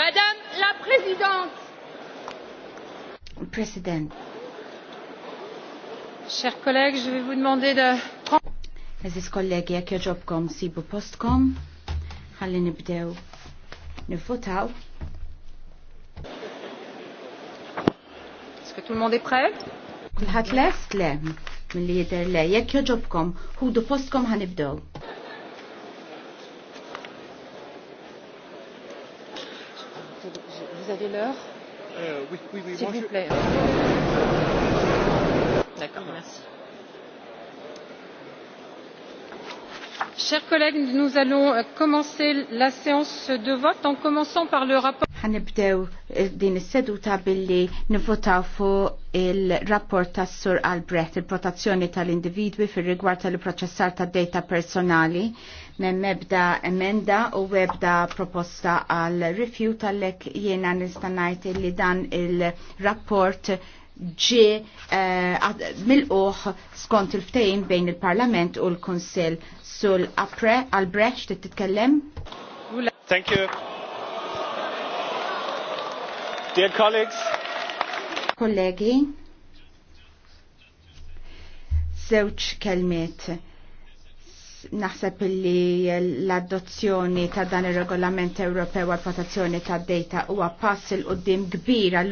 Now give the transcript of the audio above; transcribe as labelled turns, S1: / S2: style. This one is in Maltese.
S1: Madame la Présidente. President. Chers collègues, je vais vous demander de
S2: prendre. Aziz kollegi, jekk joġobkom sibu postkom, ħalli nibdew nivvotaw. Est-ce que tout le monde est prêt? Kulħadd lest le mill-li jidher le, jekk joġobkom, ħudu postkom ħanibdew.
S1: avez l'heure euh, Oui, oui, oui. S'il vous plaît. Je... D'accord, merci. Chers collègues, nous allons euh, commencer la séance de vote en commençant
S2: par le rapport ħanibdew eh, din is-seduta billi nivvotaw fuq il-rapport tas Sur Albrecht il protazzjoni tal-individwi fir rigward tal-proċessar tad data personali minn mebda emenda u webda proposta għal rifju tal-lek jiena nistanajt li dan il-rapport ġi uh, eh, mil-uħ skont il-ftejn bejn il-Parlament u l-Konsil sul-Apre t-tkellem?
S1: Thank you. Dear colleagues,
S2: kollegi, zewċ kelmiet naħseb li l-adozzjoni ta' dan ir regolament Ewropew għal protezzjoni tad data huwa pass il-qoddim kbir għall